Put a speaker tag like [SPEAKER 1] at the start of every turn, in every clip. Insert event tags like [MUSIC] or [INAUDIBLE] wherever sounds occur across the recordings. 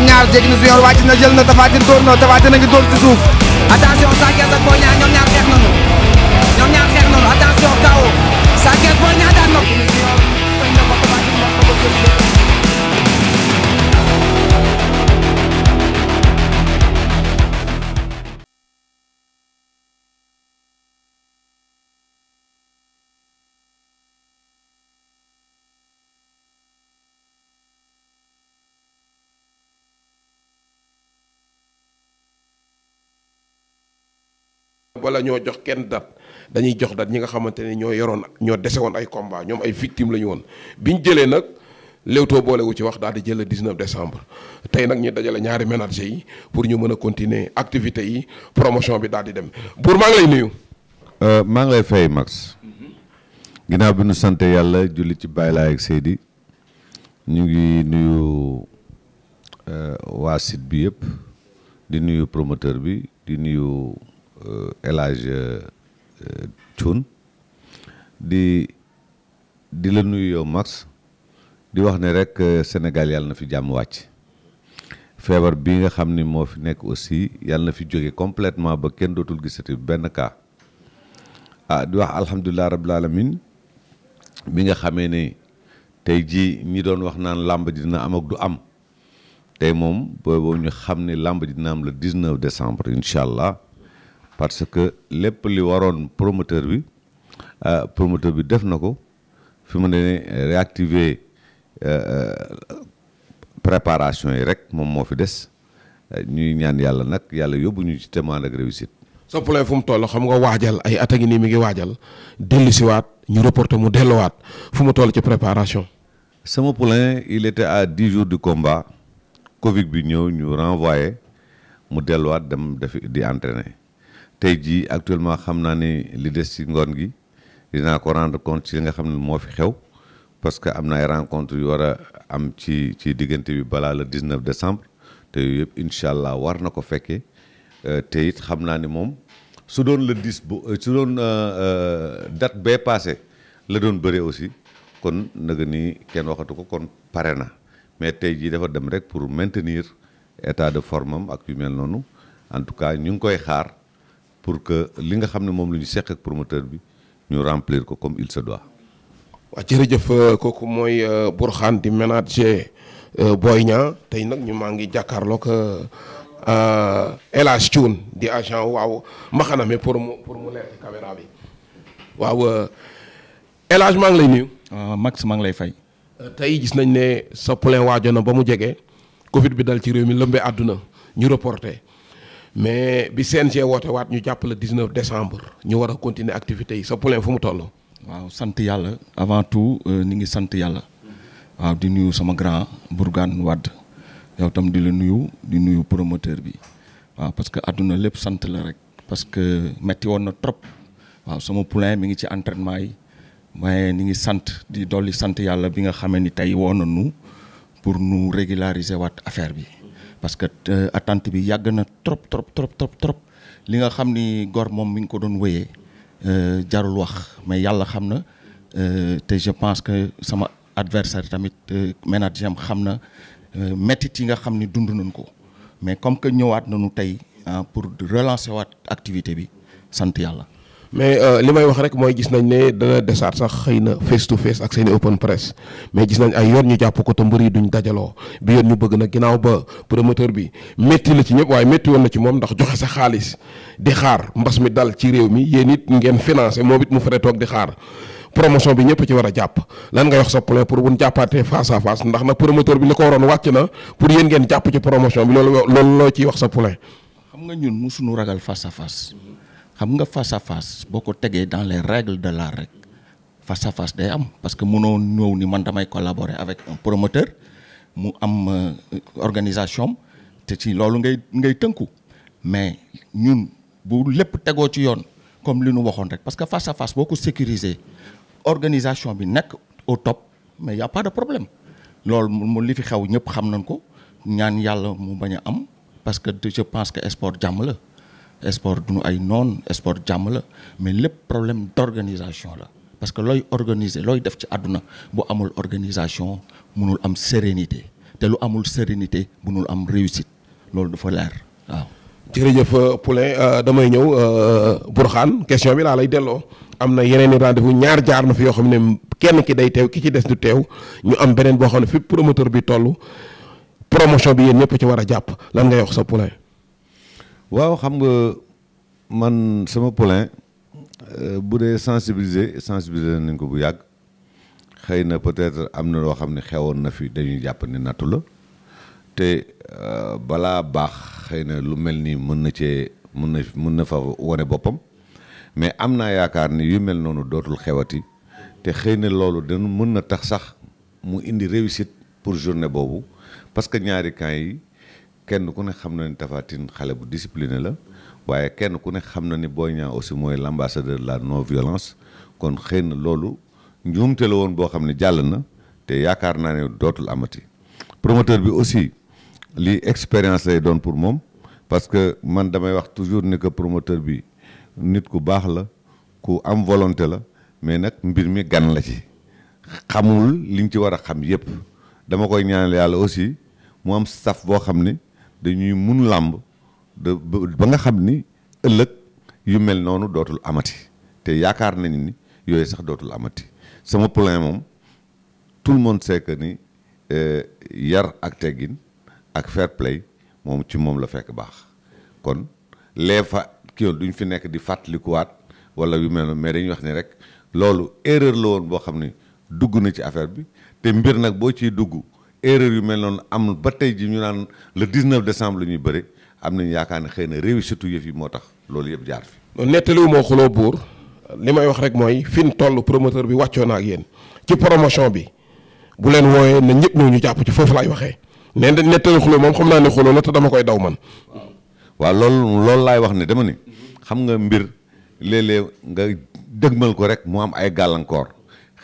[SPEAKER 1] ñoom ñaar jéggi na si yoon wàcc na jël na Tapha Tine dóor na Tapha Tine a ngi dóor ci suuf
[SPEAKER 2] attention Sa Thiès ak Boy
[SPEAKER 3] wala ñoo jox kenn date dañuy jox date ñi nga xamante ne ñoo yoroon ñoo dese woon ay combat ñoom ay victime la ñu woon bi ñu jëlee nag Leewtoo boolewu ci wax daal di jël le 19 décembre tey nag ñu dajale ñaari ménager yi pour ñu mën a continuer activité yi promotion bi daal di dem pour maa ngi lay nuyu.
[SPEAKER 2] Euh, maa ngi lay fay Max. ginnaaw bi ñu sant yàlla julli ci Baay laa ak Seydi ñu ngi nuyu euh, waa bi yëpp di nuyu promoteur bi di nuyu. Euh, El Hadj euh, euh, Thioune di di la nuyu yow Max di wax ne rek Sénégal yàlla na fi jàmm wàcc feebar bi nga xam ni moo fi nekk aussi yàlla na fi jóge completement ba kenn dootul gisati benn cas ah di wax alhamdulilah rabbil alamin bi nga xamee ne tey jii ñi doon wax naan làmb ji dina am ak du am tey moom boobu ñu xam ni làmb ji dina am le 19 décembre incha allah parce que lépp li waroon promoteur bi euh, promoteur bi def na ko fi ma ne réactiver euh, euh, préparation yi rek moom moo fi des ñuy ñaan yàlla nag yàlla yóbbu ñu ci témoin ak réussite.
[SPEAKER 3] soppalay fu mu toll xam nga waajal ay at a nii mi ngi waajal dellusiwaat ñu reporté mu delluwaat fu mu toll ci préparation.
[SPEAKER 2] sama poulain il était à dix jours de combat Covid bi ñëw ñu renvoyé mu delluwaat dem def di entraîner. tey jii actuellement xam naa ni li des ci ngoon gi dinaa ko rendre compte ci nga xam ne moo fi xew parce que am na ay rencontre yu war a am ci ci diggante bi balaa la 19 décembre te yooyu yëpp incha allah war na ko fekkee euh, te it xam naa ni moom su doon le 10 bu euh, su doon euh, date bee passé la doon bëri aussi kon naga nii kenn waxatu ko kon pare na mais tey jii dafa dem rek pour maintenir état de forme am ak yu mel noonu en tout cas ñu ngi koy xaar. pour que li nga xam ne moom la ñu seq ak promoteur bi ñu remplir ko comme il se doit. waaw jërëjëf kooku mooy euh, Bourkhane di ménager euh, booy Niang
[SPEAKER 3] tey nag ñu maa ngi jàkkaarlook euh, El Hadj di agent waaw maxana mais pour mu pour mu leer ci caméra bi waaw El Hadj lay nuyu. Max maa lay fay. tey gis nañ ne sa poulain waajoon na ba mu jege Covid bi dal ci réew mi lëmbee àdduna ñu reporté mais bi CNG woote waat ñu jàpp le 19 décembre ñu war a continuer activité yi sa poulain fu mu toll. waaw sant yàlla
[SPEAKER 4] avant tout euh, ñu ngi sant yàlla. waaw di nuyu sama grand Bourgane Wade yow tam di la nuyu di nuyu promoteur bi waaw parce que àdduna lépp sant la rek parce que metti woon na trop waaw sama poulain mi ngi ci entraînement yi waaye ñu ngi sant di dolli sant yàlla bi nga xamee ni tey woon na nu pour nu régulariser waat affaire bi. parce que euh, attente bi yàgg na trop trop trop trop trop li nga xam ni gor moom mi nga ko doon wéyee euh, jarul wax mais yàlla xam na euh, te je pense que sama adversaire tamit ménage am xam na métit yi nga xam ni dund nañ ko mais comme que ñëwaat nanu tey ah, pour relancer waat activité bi sant yàlla.
[SPEAKER 3] mais euh, li may wax rek mooy gis nañ ne dana desaat sax xëy na face to face ak seen open press mais gis nañ ay yoon ñu jàpp ko te mbër yi duñ dajaloo bi yoon ñu bëgg na ginnaaw ba promoteur bi métti la ci ñëpp waaye métti woon na ci moom ndax joxe sa xaalis di xaar mbas mi dal ci réew mi yéen it ngeen finance moom it mu fere toog di xaar promotion bi ñëpp ci war a jàpp lan ngay wax sa plan pour bu ñu jàppaatee face à face ndax nag promoteur bi li ko waroon wàcc na pour yéen ngeen jàpp ci promotion bi loolu loolu loo ciy wax sa plan.
[SPEAKER 4] xam nga ñun musuñu ragal face à face. xam nga fas à face boo ko tegee les règles de l'art rek face à day am parce que mënoo ñëw ni man damay collaborer avec un promoteur mu am euh, organisation te ci loolu ngay ngay tënku mais ñun bu lépp tegoo ci yoon comme li nu waxoon rek parce que fas à face boo ko sécuriser organisation bi nekk au top mais y pas de problème loolu mu li fi xew ñëpp xam nañ ko ñaan yàlla mu bañ am parce que je pense que sport jàmm la sport duñu ay noon sport jàmm la mais lépp problème d'organisation la parce que looy organiser looy def ci àdduna bu amul organisation mënul am sérénité te lu amul sérénité mënul am réussite loolu dafa leer waaw.
[SPEAKER 3] jërëjëf euh, Poulain euh, damay ñëw euh, Bourkhane question bi laa lay delloo am na yeneen i rendez-vous ñaar jaar na fi yoo xam ne kenn ki day teew ki ci des du teew ñu am beneen boo xam ne fi promoteur bi toll promotion bi yéen ñëpp ci war a jàpp lan ngay wax sa Poulain.
[SPEAKER 2] waaw xam nga man sama poulain euh, bu dee sensibiliser sensibiliser nañ ko bu yàgg xëy na peut-être am na loo xam ne xewoon na fi dañuy jàpp ne nattu la te euh, balaa baax xëy na lu mel nii mën na cee mën na mën na fa wane boppam mais am naa yaakaar ni yu mel noonu dootul xewati te xëy na loolu dañu mën na tax sax mu indi réussite pour journée boobu parce que ñaari camp yi kenn ku ne xam na ni Tapha xale bu discipliné la waaye kenn ku ne xam na ni booy Niang aussi mooy l'ambassadeur de la non violence kon xëy na loolu njuumte la woon boo xam ne jàll na te yaakaar naa ne dootul amati promoteur bi aussi lii expérience lay doon pour moom parce que man damay wax toujours ni que promoteur bi nit ku baax la ku am volonté la mais nag mbir mi gan la ci xamul liñ ci war a xam yépp dama koy ñaanal yàlla aussi mu am saf boo xam ni dañuy mun làmb de ba nga xam ni ëllëg yu mel noonu dootul amati te yaakaar nañ ni yooyu sax dootul amati sama plan moom tout le monde sait que ni eh, yar ak teggin ak fair play moom ci moom la fekk baax kon les fa ki yoon duñ fi nekk di fàttalikuwaat wala yu mel noonu mais dañuy wax ni rek loolu erreur la woon boo xam ni dugg na ci affaire bi te mbir nag boo ciy dugg erreur yu mel noonu am ba tey ji ñu naan le 19 décembre la ñuy bëri am nañu yaakaar ne xëy na réussite yëf yi moo tax loolu yëpp jaar fi. nettaliwu moo xuloo buur
[SPEAKER 3] li may wax rek mooy fi mu toll promoteur bi wàccoo na ak yéen ci promotion bi bu leen wooyee na ñëpp ñëw ñu jàpp ci foofu laay waxee nee na nettali
[SPEAKER 2] xuloo moom xam naa ne xuloo la te dama koy daw man. waaw loolu loolu laay wax ne dama ni xam nga mbir léeg-léeg nga dëgmal ko rek mu am ay gàllankoor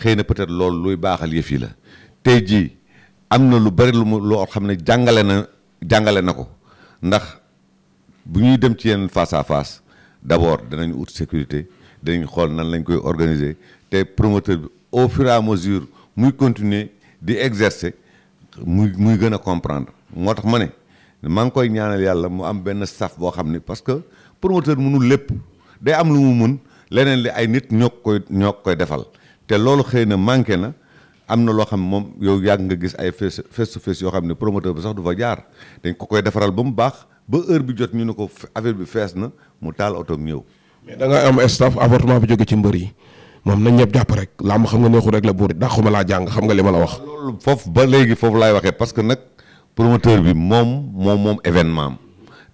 [SPEAKER 2] xëy na peut-être loolu luy baaxal yëf yi la tey jii. am na lu bari lu mu loo xam ne jàngale na jàngale na ko ndax bu ñuy dem ci yenn face à face d'abord ut sécurité danañ xool nan lañ koy organiser te promoteur bi au fur et muy continuer di exercer muy muy gën a comprendre moo tax ma ne maa ngi koy ñaanal yàlla mu am benn staff boo xam ne parce que promoteur mënul lépp day am lu mu mun leneen li ay nit ñoo koy ñoo koy defal te loolu xëy na manqué na. am na loo xam moom yow yàgg nga gis ay face face to face yoo xam ne promoteur bi sax du fa jaar dañ ko koy defaral ba mu baax ba heure bi jot ñu ne ko affaire bi fees na mu taal otoom ñëw.
[SPEAKER 3] mais da am staff avortement bi jóge ci mbër yi moom nañ ñëpp jàpp rek làmb xam nga neexul rek
[SPEAKER 2] la buur dàquma jàng xam nga li ma la wax. loolu foofu ba léegi foofu laay waxee parce que nag promoteur bi moom moom moom événement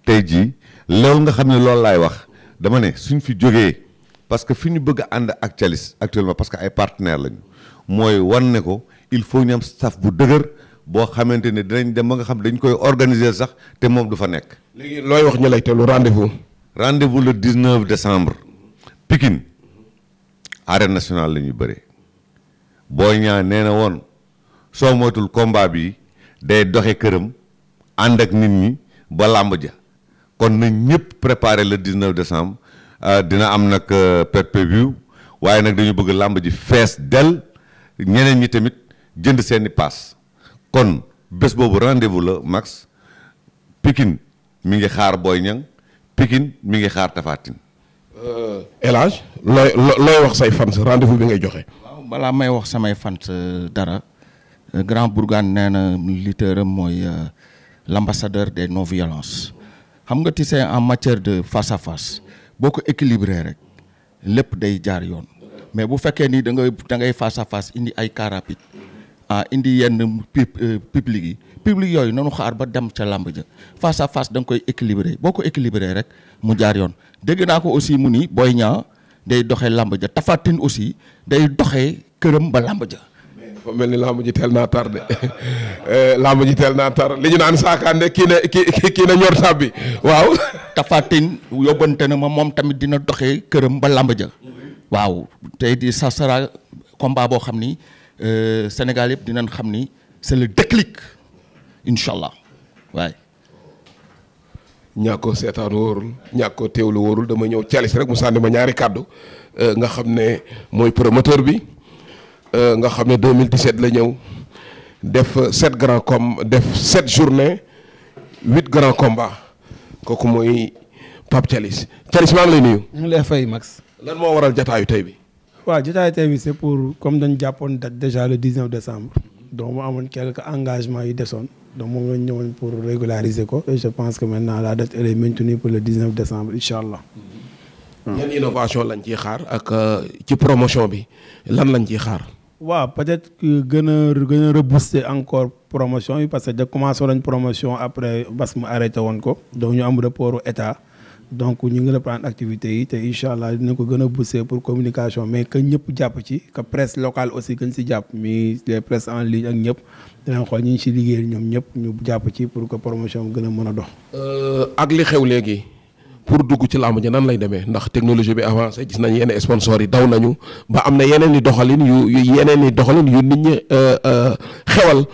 [SPEAKER 2] tey jii loolu nga xam ne loolu laay wax dama ne suñ fi jógee parce que fi ñu bëgg a ànd ak Thialis actuellement parce que ay partenaires lañu. mooy wan ne ko il faut ñu am bu dëgër boo xamante ne dinañ dem ba nga xam dañ koy organiser sax te moom du fa nekk. léegi looy wax ñu lay teelu rendez-vous. rendez-vous le 19 décembre. Pikine arène nationale lañu ñuy boo Boy Niang nee na woon soo moytul combat bi day doxe këram ànd ak nit ñi ba làmb ja kon na ñëpp préparer le 19 décembre euh, dina am nag euh, pay-per-view waaye nag dañu bëgg làmb ji fees dell ñeneen ñi tamit jënd seeni paas kon bés boobu rendez-vous la Max Pikine mi ngi xaar booy ñaŋ Pikine mi ngi xaar Tapha Tine. Euh, El Hadj
[SPEAKER 3] looy looy wax say fans rendez-vous bi
[SPEAKER 2] ngay joxe.
[SPEAKER 4] waaw balaa may wax samay fans euh, dara euh, Grand Bourgane nee na lutteur am mooy l'ambassadeur des non violences xam nga ti sais en matière de face à face boo ko équilibré rek lépp day jaar yoon. mais bu fekkee nii dangay ngay da ngay face à face indi ay car
[SPEAKER 2] ah
[SPEAKER 4] indi yenn euh, public yi public yooyu nanu xaar ba dem ca làmb ja face à face da nga koy équilibré boo ko équilibré rek mu jaar yoon dégg naa ko aussi mu ni booy Niang day doxe làmb ja Tapha aussi day doxe këram ba làmb ja dafa mel ni làmb ji teel naa tardé [LAUGHS] euh, làmb ji teel naa tardé li ñu naan saakaande kii na kii kii na ñor sàbbi waaw Tapha Tine yóbbante na ma moom tamit dina doxe këram ba làmb ja waaw tey di ça sera combat boo xam ni euh, Sénégal yëpp dinañ xam ni c'est le déclic incha allah
[SPEAKER 1] waaye.
[SPEAKER 3] ñaa ko seetaan wóorul ñaa ko teewlu wóorul dama ñëw calis rek mu sànni ma ñaari kàddu euh, nga xam ne mooy promoteur bi euh, nga xam ne 2017 la ñëw def sept grands com def sept journée huit grands combats kooku mooy Pape Thialis Thialis maa ngi lay nuyu. ñu ngi lan moo waral jataayu tey bi.
[SPEAKER 1] waa jataayu tey bi c'est pour comme dañ jàppoon date déjà le 19 décembre. donc mu amoon quelques engagements yu desoon. donc moom la ñu pour régulariser ko. je pense que maintenant la date elle est maintenue pour le 19 décembre incha allah.
[SPEAKER 3] Mm-hmm. yan innovation lañ ciy xaar ak euh, ci promotion bi lan lañ ciy xaar.
[SPEAKER 1] waaw peut-être que gën a gën a rebooster encore promotion yi parce que da commencé woon nañ promotion après bas mu arrêté woon ko. donc am rapport état. donc ñu ngi reprendre activités yi te incha allah dina ko gën a booster pour communication mais que ñëpp jàpp ci que presse locale aussi gën si jàpp mi les presse en ligne ak ñëpp dinañ xool ñu ngi si liggéeyal ñoom ñëpp ñu jàpp ci pour que promotion bi gën a mën a dox.
[SPEAKER 3] Euh, ak li xew léegi pour dugg ci làmb ji nan lay demee ndax technologie bi avancé gis nañ yenn sponsors yi daw nañu ba am na yeneen i doxalin yu yeneen yi doxalin yu nit ñi euh, euh, xewal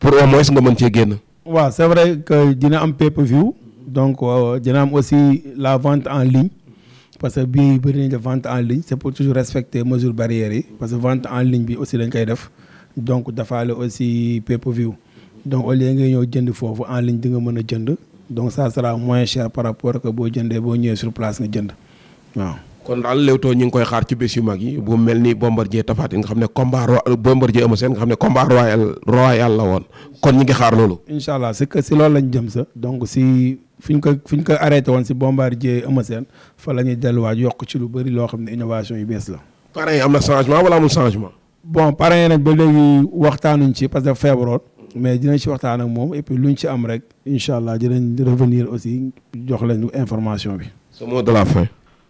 [SPEAKER 3] pour au nga mën cee génn.
[SPEAKER 1] waaw am pay per donc dina euh, am aussi la vente en ligne parce que bii bëri nañ de vente en ligne c'est pour toujours respecter mesures barrières yi parce que vente en ligne bi aussi dañ koy def donc dafaale aussi pay-per-view donc au ngay nga ñëw jënd foofu en ligne di nga mën a jënd donc ça sera moins cher par rapport que boo jëndee boo ñëwee sur place nga jënd waaw
[SPEAKER 3] kon daal Leewtoo ñu ngi koy xaar ci bés yu mag yi bu mel ni Bombardier Tapha Tine nga xam ne combat roi euh, Bombardier ne combat royal royal la woon kon ñu ngi xaar loolu.
[SPEAKER 1] incha allah si si loolu lañ jëm sa donc si fi ñu ko fi ñu ko arrêté woon si Bombardier Eumeu Sène fa la ñuy delluwaat yokk ci lu bëri loo xam ne innovation yu bees la. parrain yi am na changement wala amul changement. bon parrain yi nag ba léegi waxtaanuñ ci parce que feebaroon. mais dinañ ci waxtaan ak moom et puis luñ ci am rek. incha allah dinañ revenir aussi jox leen information bi. ce mot la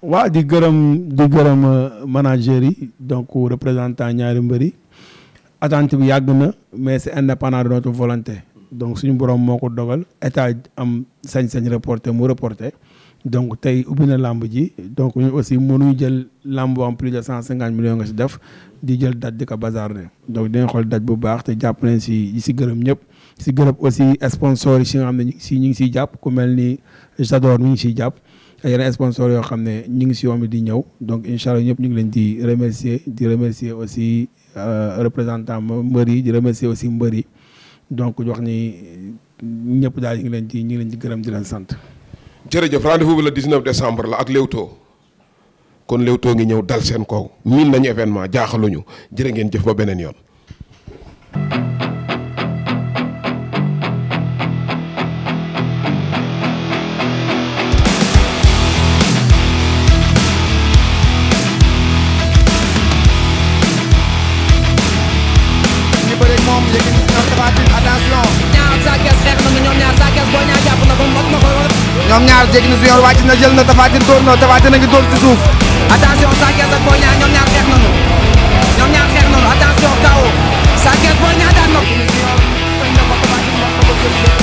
[SPEAKER 1] waaw di gërëm di gërëm euh, manager yi donc représentant ñaari mbër yi attente bi yàgg na mais c'est indépendant de notre volonté donc suñu borom moo ko dogal état am sañ-sañ reporté mu reporter donc tey ubbi na làmb ji donc ñu aussi mënuñu jël làmb bu am plus de cent cinquante millions nga si def di jël date di ko bazarder donc dañu xool date bu baax te jàpp nañ si si gërëm ñëpp si gërëm aussi sponsor yi si nga xam ne si ñu ngi siy jàpp ku mel ni Jador mi ngi jàpp yeneen sponsor yoo xam ne ñu ngi si yoon bi di ñëw donc incha allah ñëpp ñu ngi leen di remercier di remercier aussi euh, représentant mbër yi di remercier aussi mbër yi donc wax ni ñëpp daal ñu ngi leen di ñu ngi leen di gërëm di leen sant.
[SPEAKER 3] jërëjëf rendez-vous bi dix 19 décembre la ak Leewtoo kon Leewtoo ngi ñëw dal seen kaw miin nañu événement jaaxaluñu jëre ngeen jëf ba beneen yoon.
[SPEAKER 2] mom léegi ñu naan Tapha Tine attention. ñaar ñoom ñaar Sa Thiès ñoom ñaar
[SPEAKER 1] jël na Tapha Tine dóor na Tapha Tine a ngi dóor
[SPEAKER 2] ci suuf. attention Sa Thiès ñaar daan na